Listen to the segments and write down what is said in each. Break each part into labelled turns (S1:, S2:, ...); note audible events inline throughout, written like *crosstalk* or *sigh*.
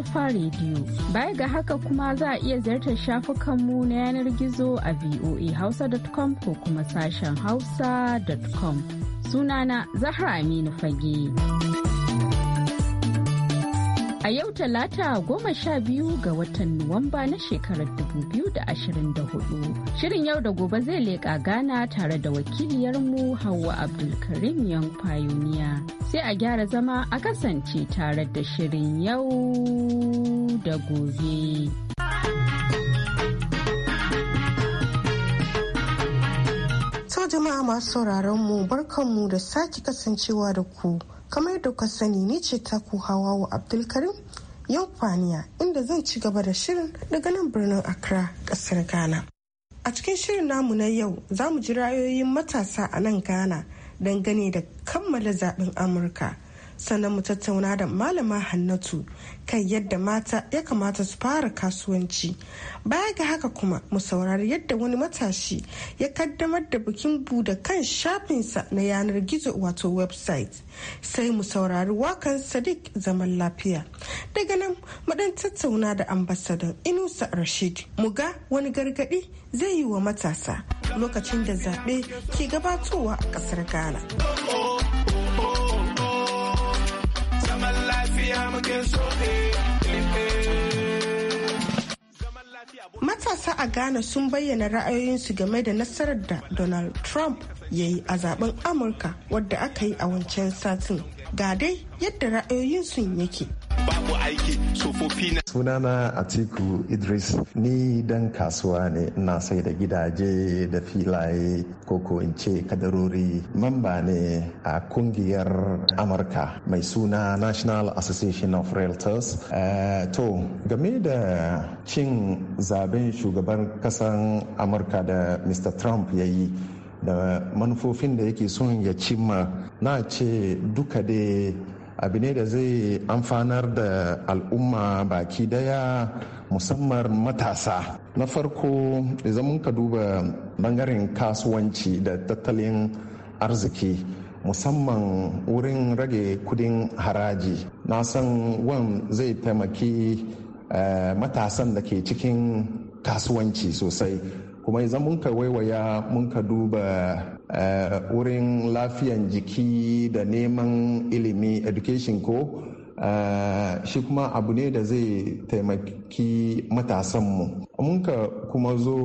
S1: Alfa Radio. Baya ga haka kuma za a iya ziyartar shafukanmu na yanar gizo a voahausa.com ko kuma sashen hausa.com. Sunana Zahra Aminu Fage. A yau talata goma sha biyu ga watan Nuwamba na shekarar da da ashirin hudu Shirin yau da gobe zai leƙa gana tare da wakiliyarmu Hauwa Abdulkarim yan Pioneer. Sai a gyara zama a kasance tare da shirin yau da gobe.
S2: jama'a masu sauraron mu barkanmu da sake kasancewa da ku kamar da ka sani ne ce ta ku wa abdulkarim kwaniya inda zan ci gaba da shirin daga nan birnin accra kasar ghana a cikin shirin namu na yau za mu ji ra'ayoyin matasa a nan ghana dangane da kammala zaben amurka sannan mu tattauna da malama hannatu kan yadda mata ya kamata su fara kasuwanci baya ga haka kuma mu saurari yadda wani matashi ya kaddamar da bikin buɗe kan shafinsa na yanar gizo wato website sai mu saurari wakan sadiq zaman lafiya daga nan mu dan tattauna da ambassador inusa rashid mu ga wani gargadi zai yi wa matasa lokacin da zaɓe ke gabatowa a ƙasar ghana Matasa a Ghana sun bayyana ra'ayoyinsu game da nasarar da Donald Trump ya yi a zaben Amurka wadda aka yi a wancan satin. Ga dai yadda ra'ayoyinsu yake.
S3: babu aiki tsofaffi na. sunana atiku idris ni dan kasuwa ne na sai da gidaje da filaye koko in ce kadarori mamba ne a kungiyar amurka mai suna national association of realtors eh, to game da cin zaben shugaban kasan amurka da mr trump ya yi da manufofin da yake son ya cimma na ce duka dai abu ne da zai amfanar da al'umma baki daya musamman matasa na farko idan mun ka duba bangaren kasuwanci da tattalin arziki musamman wurin rage kudin haraji na san wan zai taimaki eh, matasan da ke cikin kasuwanci sosai kuma idan mun ka waiwaya mun ka duba Eh, wurin lafiyan jiki da neman ilimi education ko uh, shi kuma abu ne da zai taimaki matasanmu mun ka kuma zo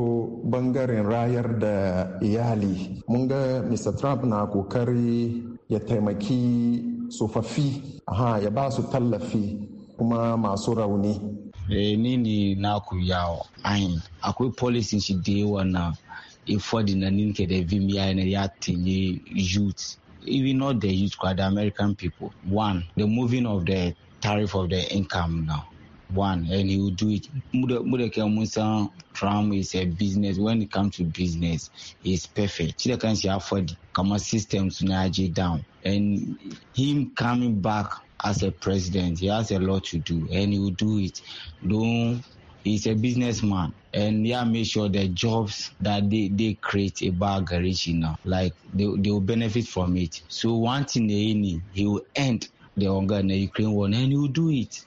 S3: bangaren rayar da iyali mun ga mr trump na kokari ya taimaki tsofaffi ya ba su tallafi kuma masu rauni
S4: eh, ni ne ku yawo akwai policy shi da yawa na ịfọdụ na nkedevim ya na ya tinye youth even not the youth kwa the american people one the moving of the tariff of the income now one and he will do it mudeke musa trump is a business when it comes to business he's perfect chidakansi afford kama systems na down and him coming back as a president he has a lot to do and he will do it don't is a businessman and yeah make sure the jobs that they, they create a garage you know like they, they will benefit from it so one thing he will end the hunger in the ukraine war and he will do it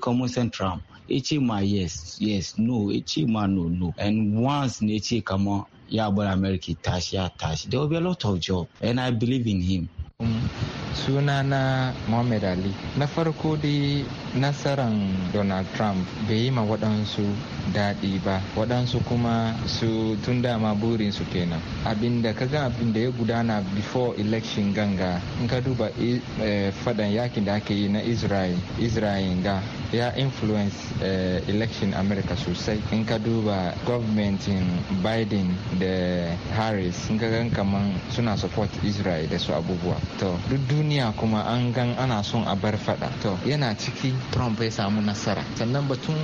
S4: Trump, central hma yes yes no hma no no and once nechi kama yeah but america touch, yeah touch. there will be a lot of job and i believe in him Mm.
S5: suna na Muhammad Ali. Na farko dai nasaran Donald Trump bai yi ma waɗansu daɗi ba, waɗansu kuma su tun dama burinsu kenan. Abin da ka ga abin ya gudana before election ganga, in ka duba eh, fadan yakin da ake yi na Israel, Israel ga ya influence eh, election America sosai. In ka duba gwamnatin Biden da Harris, in ka gan kaman suna support Israel da su abubuwa. to duk duniya kuma an gan ana son a bar fada to yana ciki trump ya samu nasara sannan batun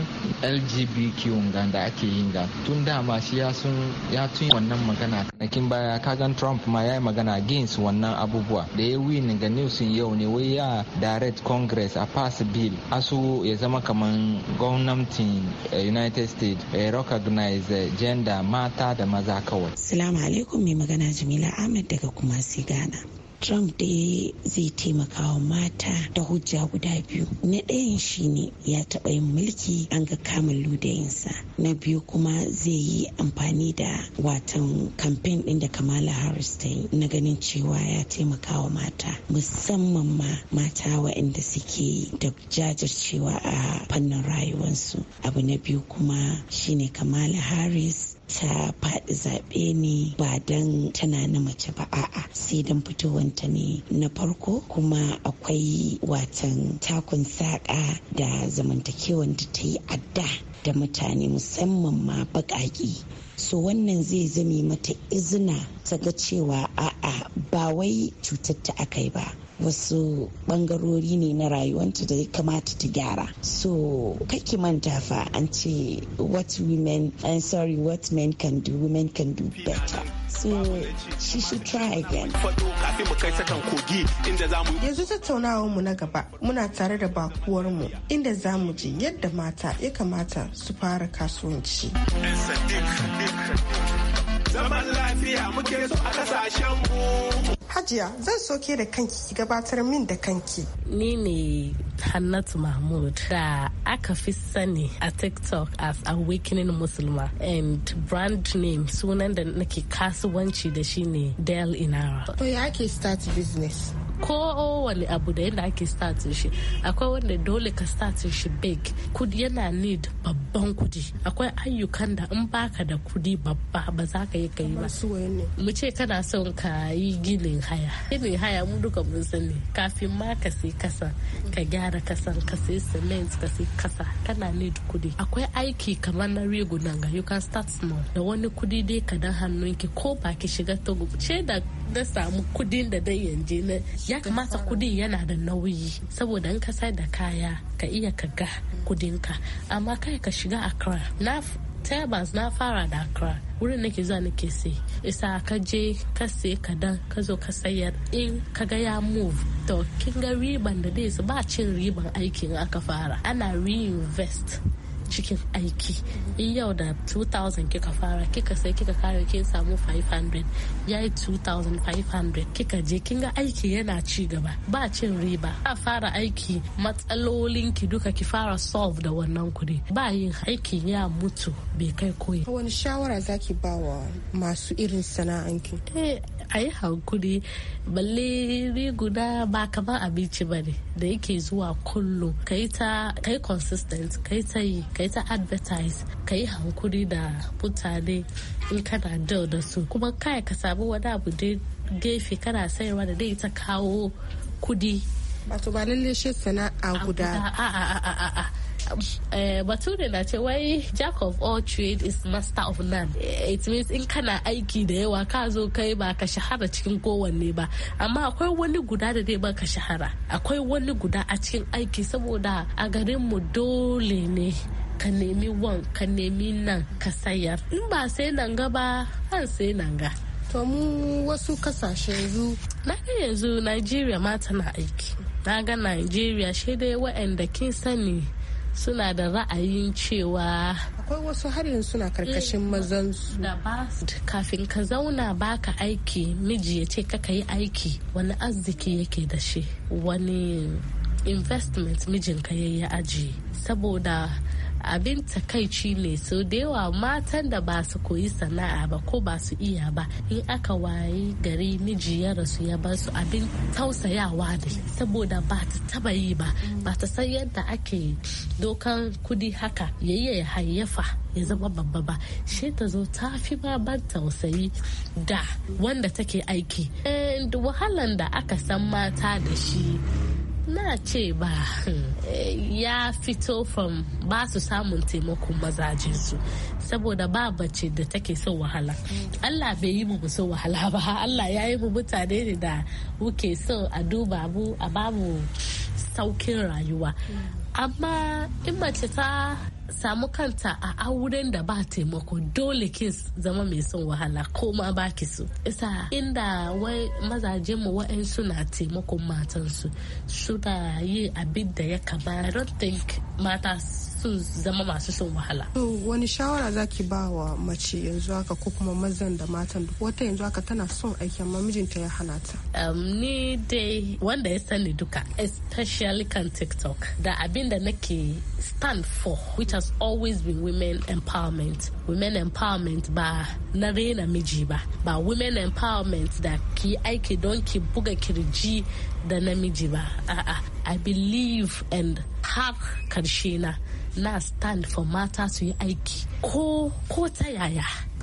S5: lgbtq da ake yin ga tun dama shi ya sun ya tun wannan magana nakin baya kagan trump ma ya yi magana against wannan abubuwa da ya win ga newsin yau ne wai ya direct congress a pass bill asu ya zama kamar gwamnatin eh, united states ya eh, recognize eh, gender mata da maza kawai
S6: salamu alaikum mai magana jamila ahmed daga kumasi ghana Trump dai zai taimaka wa mata da hujja guda biyu. Na ɗayan shi ne ya taɓa yin mulki an ga kamun ludayinsa. Na biyu kuma zai yi amfani da watan kamfen ɗin da Kamala Harris ta yi na ganin cewa ya taimaka wa mata musamman ma mata waɗanda suke da jajircewa a fannin rayuwarsu. Abu na biyu kuma shine Kamala Harris ta faɗi zaɓe ne ba don tana na mace ba a'a sai don fitowanta ne na farko kuma akwai watan takun saƙa da zamantakewan da ta yi adda da mutane musamman ma baƙaƙi so wannan zai zame mata izina ta ga cewa a'a ba wai cutar ta aka yi ba wasu bangarori ne na rayuwanta da ya kamata ta gyara so kake manta fa an ce what women I'm sorry what men can do women can do better
S7: so she should try again
S2: yanzu tattaunawar mu na gaba muna tare da bakuwar mu inda za mu ji yadda mata ya kamata su fara kasuwanci
S7: zaman lafiya muke so a kasashen mu.
S2: Hajiya zan soke da kanki ki gabatar min da kanki.
S7: Ni ne
S2: Hannatu Mahmud da aka fi
S8: sani a TikTok as Awakening Muslimah and brand name sunan da nake kasuwanci da shi ne Del Inara. To ya ake start business? kowane abu da yadda ake startin shi akwai wanda dole ka startin shi big kudi yana need babban kudi akwai ayyukan da in baka da kudi babba ba za ka yi ka yi ba mu ce kana son ka yi ginin haya ginin haya mu duka mun sani kafin ma ka sai kasa ka gyara kasan ka sai cement ka sai kasa kana need kudi akwai aiki kamar na rigunan ga you can start small da wani kudi dai ka dan hannunki ko ba ki shiga togo ce da na samu kudin da dai yanje na ya kamata kudin yana da nauyi saboda in ka sai da kaya ka iya ka ga kudinka amma kai ka shiga Accra na Tabas na fara da Accra wurin nake zuwa nake sai isa ka je ka sai kadan ka zo ka sayar in ka ga ya move to kin ga riban da dai su ba cin riban aikin aka fara ana reinvest cikin aiki in yau da 2000 kika fara kika sai kika kare kin samu 500 yayi 2500 kika je kin ga aiki yana ci gaba ba cin riba a fara aiki matsalolin ki duka ki fara solve da wannan kuɗi ba yin aiki ya mutu bai kai koyi
S2: wani shawara zaki ba wa
S8: masu irin sana'anki eh ai hankuri balle guda ba kamar abinci ba ne da yake zuwa kullum ka yi ta kai consistent ka yi ta yi advertise ka yi hankuri da mutane in kana da da su kuma kai ka samu wani abu da gefe kana sayarwa da dai ta kawo kudi to ba lalle shi sana'a guda a a a Eh, bature na ce wai jack of all trade is master of none eh, it means in kana aiki da yawa ka zo kai ba ka shahara cikin kowanne ba amma akwai wani guda da dai ba ka shahara akwai wani guda a cikin aiki saboda a garin mu dole ne ka nemi wan ka nemi nan ka sayar in ba sai nan ga ba an sai nan ga to
S2: mu wasu kasashe yanzu
S8: na ga yanzu nigeria ma tana aiki na ga Najeriya shi dai waɗanda kin sani suna da ra'ayin cewa akwai wasu har yanzu suna karkashin mazan su kafin ka zauna baka aiki miji ya ce kaka yi aiki wani arziki yake da shi wani investment mijinka ya yi aji saboda abin takaici ne so da yawa matan da ba su koyi sana'a ba ko ba su iya ba in aka wayi gari miji ya rasu ya bar su abin tausayawa ne saboda ba ta taba yi ba ba ta san yadda ake dokan kudi haka yayi ya hayyafa ya zama babba ba shi ta zo ta fi ma ban tausayi da wanda take aiki wahalan da aka san mata da shi na ce ba eh, ya fito from ba su samun taimakon mazajin su saboda ba bace da take so wahala Allah bai yi mu so wahala ba Allah ya yi mu mutane ne da wuke so a duba mu a babu saukin rayuwa amma in mace ta samu kanta a auren da ba taimako dole ki zama mai son wahala ko ma ba ki so isa inda wai mazaje mu wa'ansu na taimakon matansu da yi abin da ya kamata don't think mata sun zama masu son wahala.
S2: wani shawara zaki ba wa mace yanzu haka ko kuma mazan da matan duk wata yanzu haka tana son aiki amma mijinta ya hana ta. Um, ni dai wanda
S8: ya sani duka especially kan tiktok da abin da nake stand for which has always been women empowerment. Women empowerment ba na Mijiba. miji ba. Ba women empowerment that ki aiki don ki buga kiriji da namiji ba. Ah, ah. I believe and have karshe na stand for matters we aiki ko ko tayaya.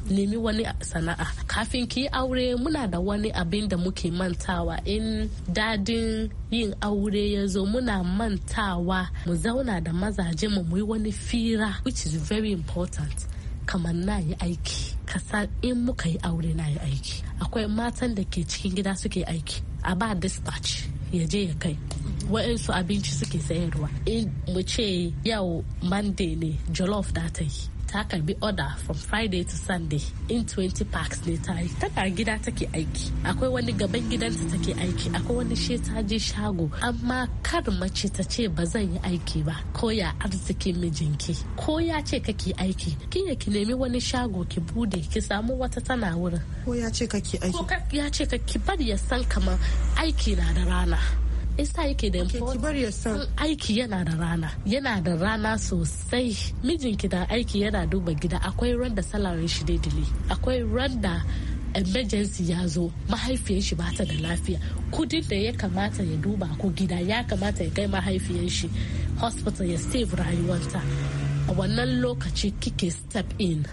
S8: nemi wani sana'a kafin ki aure muna da wani abin da muke mantawa in dadin yin aure ya zo muna mantawa mu zauna da mazaje mu muyi wani fira which is very important kamar na yi aiki kasa in muka yi aure na yi aiki akwai matan da ke cikin gida suke aiki a ba dispatch ya je ya kai su abinci suke sayarwa in mu ce yau monday ne jollof da ta yi ta karbi order from friday to sunday in 20 parks ne ta yi tana gida take aiki akwai wani gaban gidanta take aiki akwai wani shi ta je shago amma kar mace ta ce ba zan yi aiki ba ko ya arziki mijinki ko ya ce kake aiki kin ki nemi wani shago ki bude ki samu wata tana wurin ko ya ce kake aiki ko ya ce kake bari ya san kamar aiki na da rana isa yake da aiki yana da rana yana da rana sosai mijinki da aiki yana duba gida akwai randa da salarin shi dili akwai randa da emergency ya zo mahaifiyar shi bata da lafiya kudin da ya kamata ya duba ko gida ya kamata ya kai mahaifiyar shi hospital ya save rayuwarta a wannan lokaci kike step in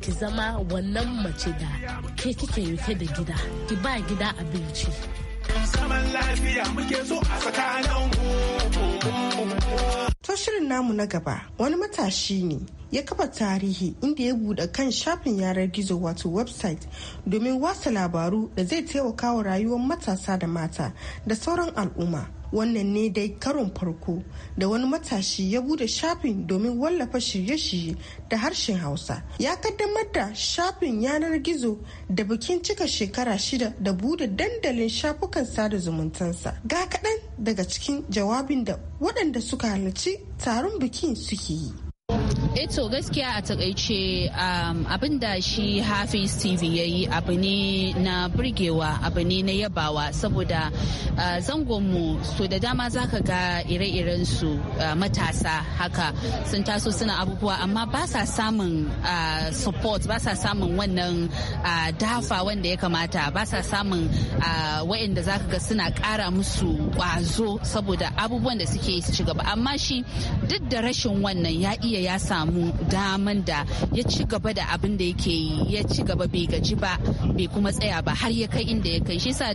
S8: ki zama wannan mace da
S2: ke kike yake da gida ki ba gida abinci
S7: zaman lafiya muke so a tsakanin
S2: To shirin namu na gaba wani matashi ne ya kafa tarihi inda ya buɗe kan shafin yanar gizo wato website domin wasa labaru da zai taimaka wa rayuwar matasa da mata da sauran al'umma wannan ne dai karon farko da wani matashi ya bude shafin domin wallafa shirye-shirye da harshen hausa ya kaddamar da shafin yanar gizo da bikin cika shekara shida da bude dandalin shafukan sada zumuntansa ga kaɗan daga cikin jawabin da waɗanda suka halarci taron bikin suke yi
S1: eto eh, gaskiya a takaice um, abin da shi hafiz tv ya yi abu ne na burgewa abu ne na yabawa saboda uh, zangonmu so da dama zaka ga ire-iren su uh, matasa haka sun taso suna abubuwa amma ba sa samun uh, support ba sa samun wannan dafa wanda ya kamata ba sa samun wa'inda zaka ga suna kara musu kwazo saboda abubuwan da suke su ci gaba amma shi duk da rashin wannan ya iya ya samu samu daman da ya ci gaba da abin da yake yi ya ci gaba bai gaji ba bai kuma tsaya ba har ya kai inda ya kai shi sa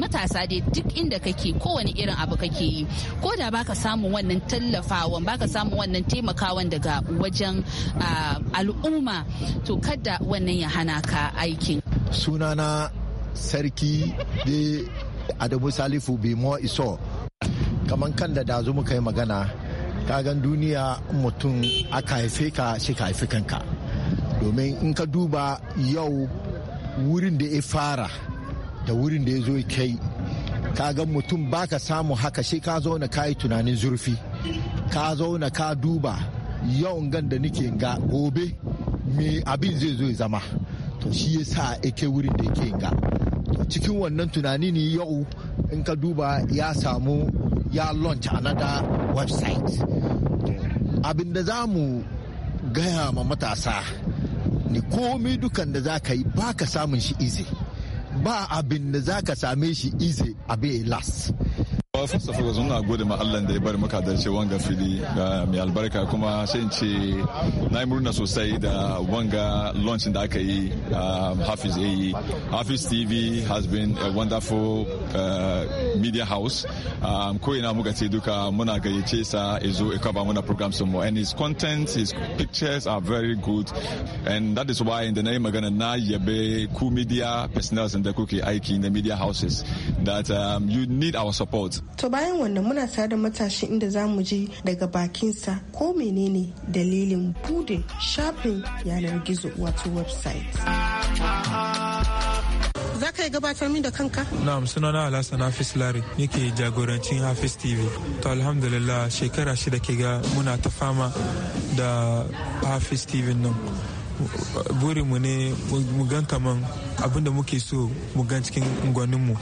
S1: matasa dai duk inda kake kowane irin abu kake yi ko da baka samun wannan tallafawan baka samun wannan taimakawan daga wajen al'umma to kada wannan ya hana ka aikin
S9: sunana sarki da adamu salifu bimo iso kamar kan da dazu muka yi magana Ka gan duniya mutum aka haife ka shi ka haifi kanka domin in ka duba yau wurin da ya fara da wurin da ya zo kai kagan mutum baka samu haka shi ka zauna ka yi tunanin zurfi ka zauna ka duba yawan gan da nike ga gobe me abin zai zo zama to shi ya sa ake wurin da yake ga cikin wannan tunani ne yau in ka duba ya samu ya launch another website abin da za mu gaya ma matasa ni komi dukan da za ka yi ba ka samun shi ize ba abin da za ka same shi ize abin last
S10: First of all, na gode ma Allah da ya bari muka darce wanga fili ah, mai albarka kuma sai in ce na yi murna sosai da wanga launch da aka yi ah, Hafiz AE. Hafiz TV has been a wonderful uh, media house. Um, ko ina muka ce duka muna gayyace sa ya zo ya cover muna program some mu And his content, his pictures are very good. And that is why in the name magana na yabe ku media personnel da kuke aiki in the media houses that um, you need our support.
S2: To bayan wannan muna sa da matashi inda za mu ji daga bakinsa ko menene dalilin bude shafin yanar gizo wato website. za ka yi gabatar min da kanka?
S10: Na'am sunana Alhassan Hafiz Lari nake jagorancin Hafiz TV. To alhamdulillah shekara shida ke ga muna ta fama da Hafiz TV nan. burinmu ne mu gan kaman abinda muke so mu gan cikin gwaninmu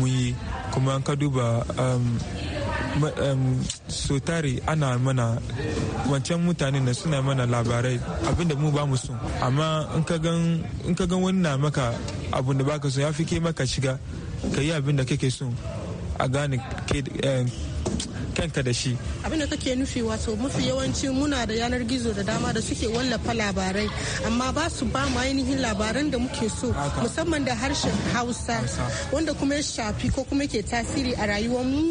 S10: mu yi kuma an ka duba um, um, so tare ana mana wancan mutane na suna mana labarai abinda mu ba mu so amma in ka gan wani na maka abin da baka so ya fi ke maka shiga ka yi abin da kake so a gane um, kanka da shi
S2: abin da kake nufi wato mafi yawanci muna da yanar gizo da dama da suke wallafa labarai amma ba su ba mu ainihin labaran da muke so musamman da harshen hausa wanda kuma ya shafi ko kuma ke tasiri a rayuwar mu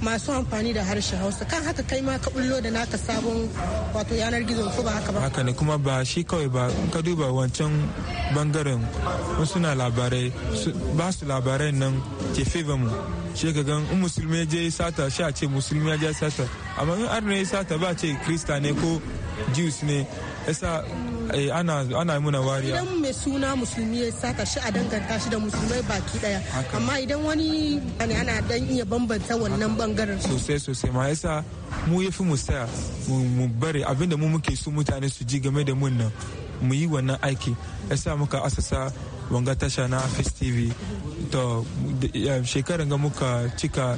S2: masu amfani da harshen hausa kan haka kai ma ka bullo da naka sabon wato yanar gizo ko ba haka
S10: ba haka ne kuma ba shi kawai ba ka duba wancan bangaren wasu na labarai ba su labarai nan ke mu shi ka gan in musulmi je sata shi a ce musulmi musulmi ya ja sata amma in arna ya sata ba ce krista ne ko jews ne yasa eh, ana muna wariya
S2: idan mai suna musulmi ya sata shi a danganta shi da musulmai baki daya amma idan wani ana dan iya bambanta wannan
S10: bangaren sosai sosai ma yasa mu yafi mu saya mu bari abinda mu muke so mutane su ji game da mun nan mu yi wannan aiki yasa muka asasa wanga tasha na face tv to shekaran ga muka cika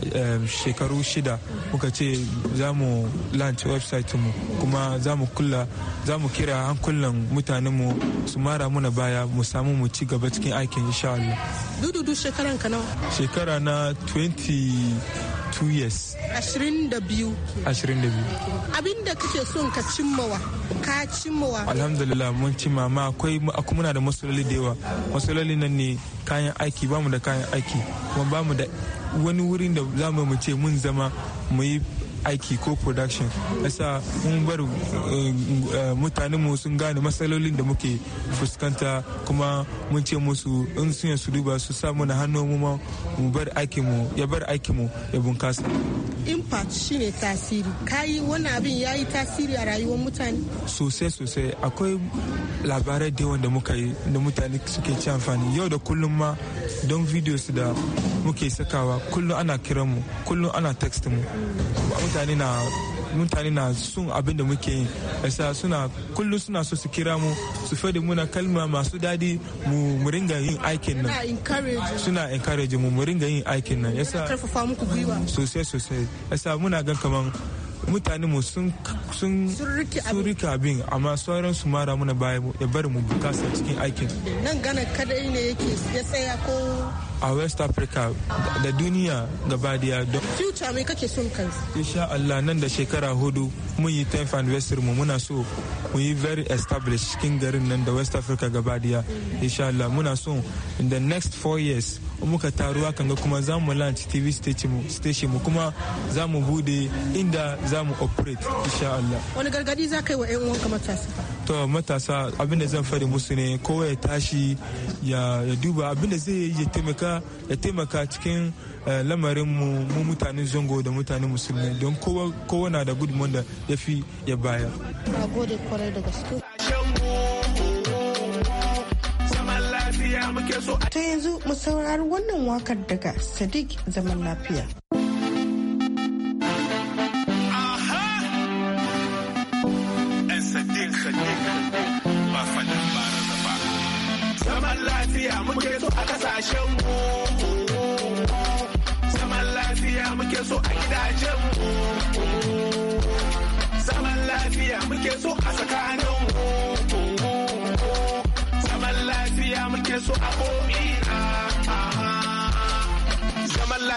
S10: Um, shekaru shida muka ce za mu launch website mu kuma za mu kula za mu kira hankulan mutanen mu su mara muna baya mu samu mu ci gaba cikin aikin insha Allah.
S2: Dududu shekaran ka nawa?
S10: Shekara na 20 2 years
S2: 22 22 abinda kake son ka cimmawa ka cimmawa
S10: alhamdulillah mun cimma ma akwai muna da matsaloli da yawa matsaloli nan ne kayan aiki bamu da kayan aiki kuma bamu da wani wurin da za mu ce mun zama mu yi aiki ko production yasa mun bar eh, eh, mu sun gane matsalolin da muke fuskanta kuma mun ce musu in sun su duba su sa mana hannu mu ma mu bar mu ya bar mu ya bunkasa
S2: impact shine tasiri kayi wani abin ya yi tasiri a rayuwar mutane
S10: sosai sosai akwai labarai da wanda muka yi da mutane suke ci amfani yau da kullum ma don videos da muke sakawa kullum ana kiran mu kullum ana text mu mutane na mutane na sun abin da muke yi yasa suna kullum suna so su kira mu su fadi muna kalma masu dadi mu mu ringa yin aikin nan suna encourage mu mu ringa yin aikin nan yasa karfafa muku gwiwa sosai sosai yasa muna gan kaman mutane mu sun rike abin amma sauran su mara muna baya ya bari mu bukasa cikin aikin
S2: nan gana kadai ne yake ya tsaya ko
S10: a west africa da duniya gaba daya don
S2: future mai kake son kansu
S10: insha allah nan da shekara hudu mun yi 10th anniversary mu muna so mu yi very established cikin garin nan da west africa gaba daya insha allah muna so in the next four years muka taruwa kan ga kuma za mu launch tv station mu kuma za mu bude inda za mu operate insha allah
S2: wani gargadi za ka yi wa 'yan uwanka matasa
S10: to matasa abin da zan fari musu ne kowa ya tashi ya duba abin da zai yi ya taimaka cikin eh, lamarin mu mutanen zango da mutanen musulmi don kowa na da gudunmu da ya fi ya baya.
S2: kwarai Ta yanzu mu saurari wannan wakar daga Sadiq zaman lafiya.
S7: kasashen mu zaman lafiya muke so a gidajen mu zaman lafiya muke so a tsakanin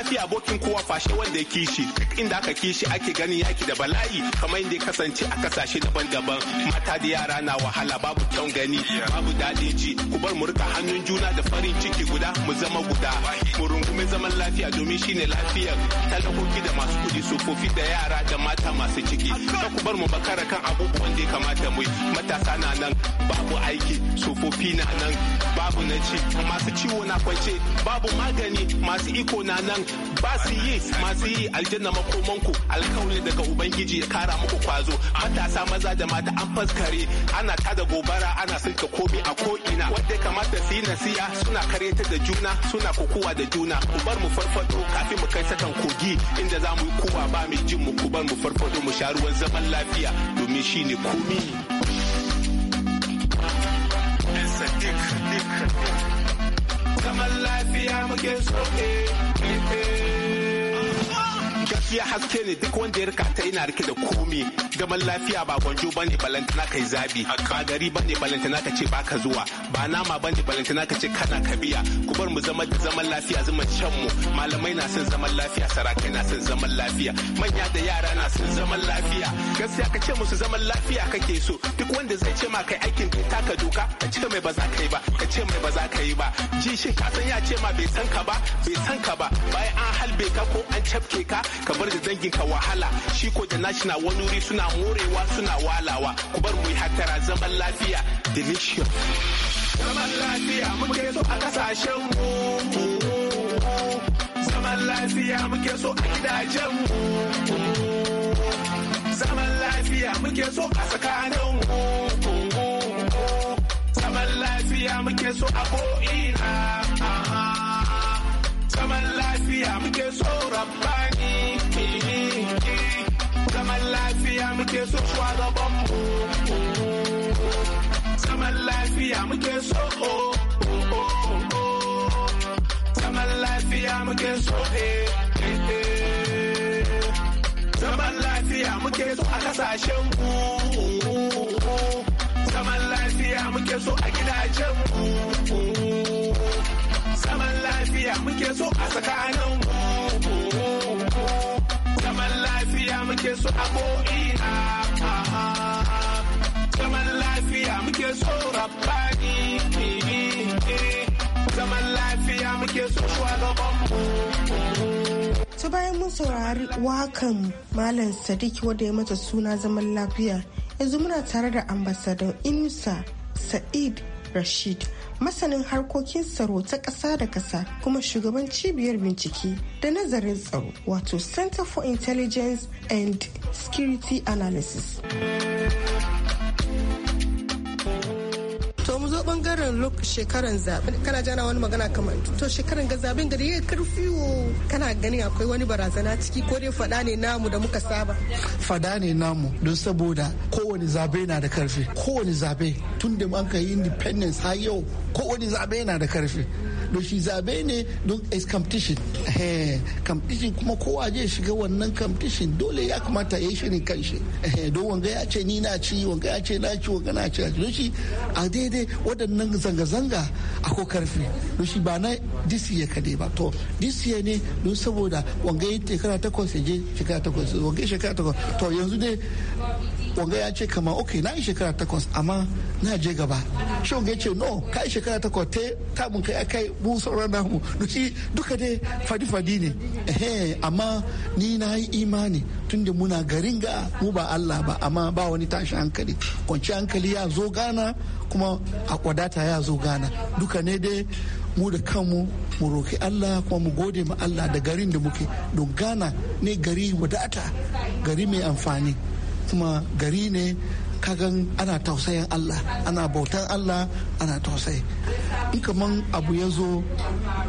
S7: zafi abokin kowa fashe wanda ya kishi inda aka kishi ake ganin yaki da bala'i kamar inda ya kasance a kasashe daban-daban mata da yara na wahala babu kyan gani babu daɗin ji ku bar mu rika hannun juna da farin ciki guda mu zama guda mu rungume zaman lafiya domin shine lafiyar talakoki da masu kuɗi tsofaffi da yara da mata masu ciki ka ku bar mu bakara kan abubuwan da ya kamata mu yi matasa na nan babu aiki tsofaffi na nan babu na ci masu ciwo na kwance babu magani masu iko na nan ba su yi masu yi aljanna makomanku alkawari daga ubangiji ya kara muku kwazo matasa maza da mata an faskare ana tada gobara ana sirka komi a ko'ina wadda kamata su yi nasiya suna kareta da juna suna kokowa da juna ku bar mu farfado kafin mu kai sakan kogi inda za mu yi kowa ba mu jin mu ku bar mu farfado mu sha ruwan zaman lafiya domin shine komi. muke so gaskiya haske ne duk wanda ya rika ta ina rike da komi gaman lafiya ba gwanjo ba ne balantana ka yi zabi ba gari ba ne balantana ka ce baka zuwa ba nama ba ne balantana ka ce kana kabiya ku bar mu zama da zaman lafiya zaman can mu malamai na son zaman lafiya sarakai na son zaman lafiya manya da yara na son zaman lafiya gaskiya ka ce musu zaman lafiya kake so duk wanda zai ce ma kai aikin taka doka ka ce mai ba za ka yi ba ka ce mai ba za ka yi ba ji shi ka san ya ce ma bai san ka ba bai san ka ba bayan an halbe ka ko an cafke ka ka bar da dangin ka wahala shi ko da nashi na wani wuri suna morewa suna walawa ku bar mu yi hatara zaman lafiya delicious zaman lafiya muke so a kasashen mu zaman lafiya muke so a gidajen mu zaman lafiya muke so a tsakanin zaman lafiya muke so a ko'ina zaman lafiya muke so rabani. zaman lafiya muke so shugabanmu zaman lafiya muke so oh, oh, oh, zaman lafiya muke so eh zaman lafiya muke so a kasashen mu zaman lafiya muke so a gidajen mu zaman lafiya muke so a tsakanin mu zaman lafiya muke so a ko'ina zaman lafiya muke so rabba mun
S2: saurari wakan Malam Sadiq wanda ya mata suna zaman lafiya yanzu muna tare da ambasadan Inusa Sa'id Rashid masanin harkokin tsaro ta ƙasa da ƙasa kuma shugaban cibiyar bincike da nazarin tsaro wato Center for Intelligence and Security Analysis. bangaren shekaran zaɓe kana jana wani magana kamar to shekaran ga zaɓen gari ya karfiwo kana gani akwai wani barazana ciki ko dai fada ne namu da muka saba
S9: fada ne namu don saboda kowane zaɓe na da karfi kowane zaɓe tun da an yi independence har yau kowane zaɓe na da karfi don shi zaɓe ne don is competition competition kuma kowa zai shiga wannan competition dole ya kamata ya yi shirin kanshi don wanga ya ce ni na ci wanga ya ce na ci wanga na ci don shi a daidai waɗannan zanga-zanga a ko karfi don shi ba na disiye kaɗai ba to disiye ne don saboda wanga yi shekara takwas ya je shekara takwas wanga yi shekara takwas to yanzu ne wanga ya ce kama ok na yi shekara takwas amma na je gaba shi wanga ya ce no ka yi shekara takwas ta tamun kai akai mu sauran namu don shi duka dai fadi-fadi ne ehe amma ni na yi imani tunda muna garin ga mu ba Allah ba amma ba wani tashi hankali kwanci hankali ya zo gana kuma a kwadata ya zo gana duka ne dai mu da kanmu mu roki Allah kuma mu gode ma Allah da garin da muke don gana ne gari wadata gari mai amfani kuma gari ne ka kagan ana tausayin Allah ana bautan Allah ana tausayi in kaman abu ya zo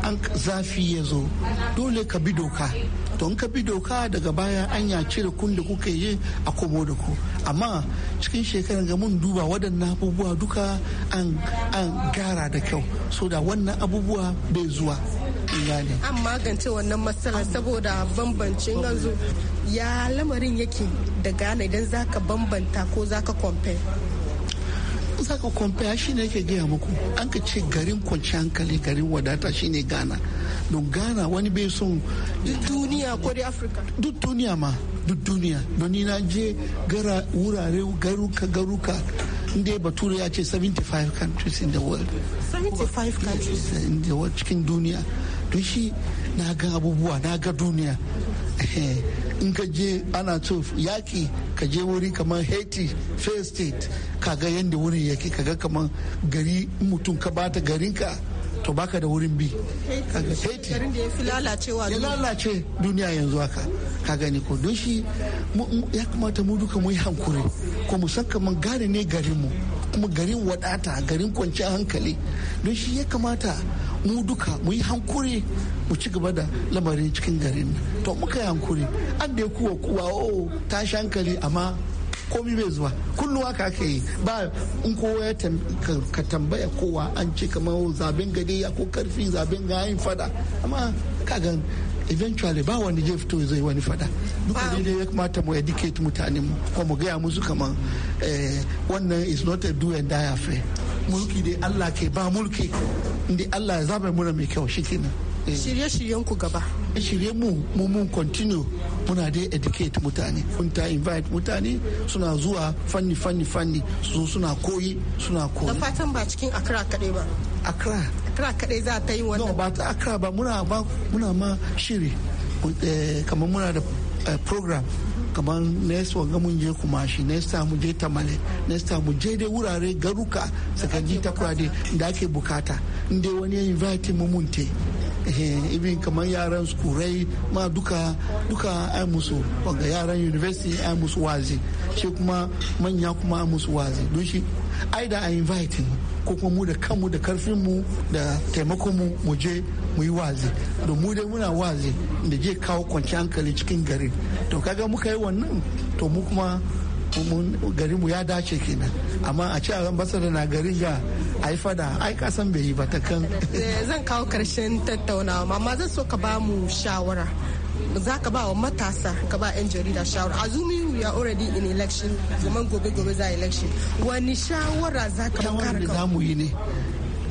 S9: an zafi ya zo dole ka bi doka don ka bi doka daga baya an ya cire kun da kuka yi a komo da ku amma cikin shekarar ga mun duba waɗannan abubuwa duka an gara da kyau so da wannan abubuwa bai zuwa an
S2: magance wannan matsala saboda bambancin yanzu ya lamarin yake da gane idan zaka bambanta ko zaka compare
S9: zaka compare shi ne yake gaya muku an ka ce garin kwanci hankali garin wadata shine ghana don ghana wani bai son duk duniya ko dai afirka duk duniya ma duk duniya don ni na je gara wurare garuka garuka dai bature ya ce 75 countries in the world
S2: 75 countries
S9: in the world cikin duniya don shi na ga abubuwa na ga duniya in ka je ana so yaki ka je wuri kamar haiti fair state ka kaga yadda wurin yake kaga kamar gari mutum ka bata garinka to baka da wurin bi
S2: kaga haiti ya lalace
S9: duniya yanzu haka ka gani ko don shi ya kamata mu duka mu yi hankuri ko mu san kaman gane ne garin mu kuma garin wadata garin kwanciyar hankali don shi ya kamata mu duka mu yi hankuri mu ci gaba da lamarin cikin garin to muka yi hankuri an da ya kuwa kuwa o oh, tashi hankali amma komi bai zuwa kullum haka aka yi ba in kowa ya ka tambaya kowa an ce kamar zaben ya ko karfi zaben yin fada amma kagan eventually ba wani je fito zai wani fada duka dai ne ya kamata mu educate mutane mu ko mu gaya musu kamar eh, wannan is not a do and die affair mulki dai Allah ke ba mulki inda Allah ya zaba mura mai kyau shikenan shirye-shiryen ku gaba shirye mu mu mun continue muna dai educate mutane kun ta invite mutane suna zuwa fanni fanni fanni su suna koyi suna koyi Na fatan ba cikin akra kadai ba akra akra kadai za ta yi wannan no ba ta akra ba muna ba muna ma shiri eh, kamar muna da eh, program kamar next wanga mun je kumashi next time mu je tamale next time mu je dai wurare garuka sakaji ta kurade da ake bukata inda wani ya invite mu munte ibin eh, kamar yaran skurai ma duka duka ai musu wanga yaran university ai musu wazi shi kuma manya kuma ai musu wazi don shi ai da a invite ko kuma mu da kanmu da mu da taimakon mu je mu yi wazi don mu dai muna wazi da je kawo kwanci hankali cikin gari to kaga muka yi wannan to mu kuma garin mu ya dace kenan amma a ce a ambasada na garin ga yi fada ai kasan bai yi ba ta kan
S2: eh, zan kawo karshen tattaunawa amma zan so ka ba mu shawara za ka ba wa matasa ka ba 'yan jarida shawara a zumi azumi ya already in election zaman gobe gobe za election
S9: wani shawara za ka ba kare za mu yi ne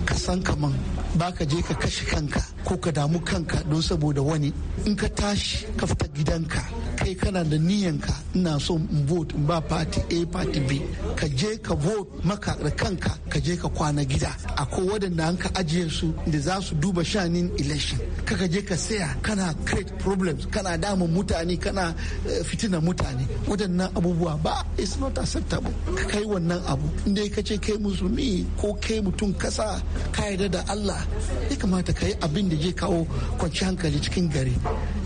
S9: ka san kaman ba ka je ka kashe kanka ko ka damu kanka don saboda wani in ka tashi ka fita gidanka kai kana da niyanka ina so in vote in ba party A party B ka je ka vote maka da kanka ka je ka kwana gida akwai waɗanda an ka ajiye su da za su duba shanin election kaka je ka saya kana create problems kana damun mutane kana eh, fitina mutane waɗannan abubuwa ba it's not acceptable ka kai wannan abu inda ka ce kai musulmi ko kai mutum kasa ka yarda da Allah ya kamata ka yi abin da je kawo kwanci hankali cikin gari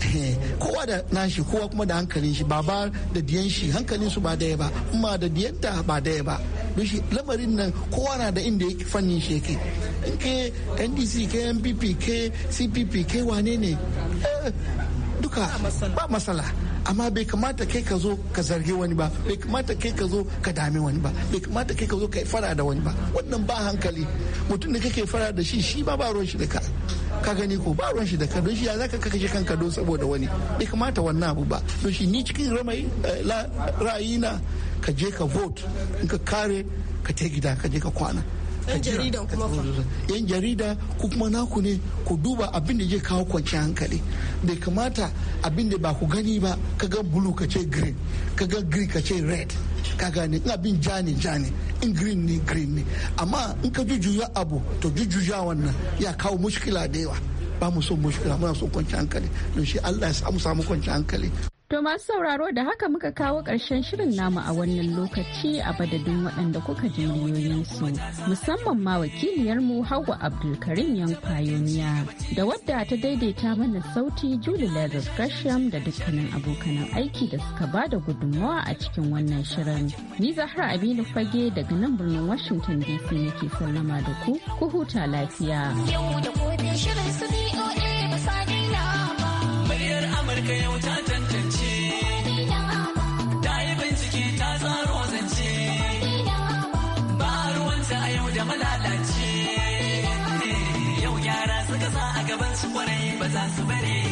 S9: *laughs* kowa da nashi kowa kuma da hankalin shi baba da diyan shi hankalin su ba daya ba amma da diyanta ba daya ba don shi lamarin nan kowa na da inda yake fannin shi yake in ke ndc ke npp ke cpp ke wane ne eh, duka ba masala amma bai kamata kai ka zo ka zargi wani ba bai kamata kai ka zo ka dame wani ba bai kamata kai ka zo ka fara da wani ba wannan ba hankali mutum da kake fara da shi shi ba ba ruwan shi da ka ka gani ko ba ruwan shi da ka don shi ya zaka kashe kanka don saboda wani bai kamata wannan abu ba don shi ni cikin eh, ra'ayina ka je ka vote in ka kare ka ta gida ka je ka kwana yan jarida ku kuma naku ne ku duba abin da zai kawo kwanciya hankali bai kamata abin da ba ku gani ba ka ga blue ka ce green ka ga green ka ce red ka gane in abin ja ne ja ne in green ne green ne amma in ka jujjuya abu to jujjuya wannan ya kawo mushkila da yawa ba mu so mushkila muna so kwanci hankali don shi Allah ya samu samu kwanci hankali
S1: To masu sauraro da haka muka kawo ƙarshen shirin namu a wannan lokaci a badadin waɗanda kuka ji su musamman ma wakiliyarmu Hauwa Abdulkarim yan Fayoniya da wadda ta daidaita mana sauti Julie Lazarus Gresham da dukkanin abokanan aiki da suka ba da gudunmawa a cikin wannan shirin. Ni Zahra Aminu Fage daga nan birnin Washington DC nake sallama da ku, ku huta lafiya. Yau da shirin su ba sa
S9: ba. Amurka yau ta
S6: la I'm